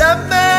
December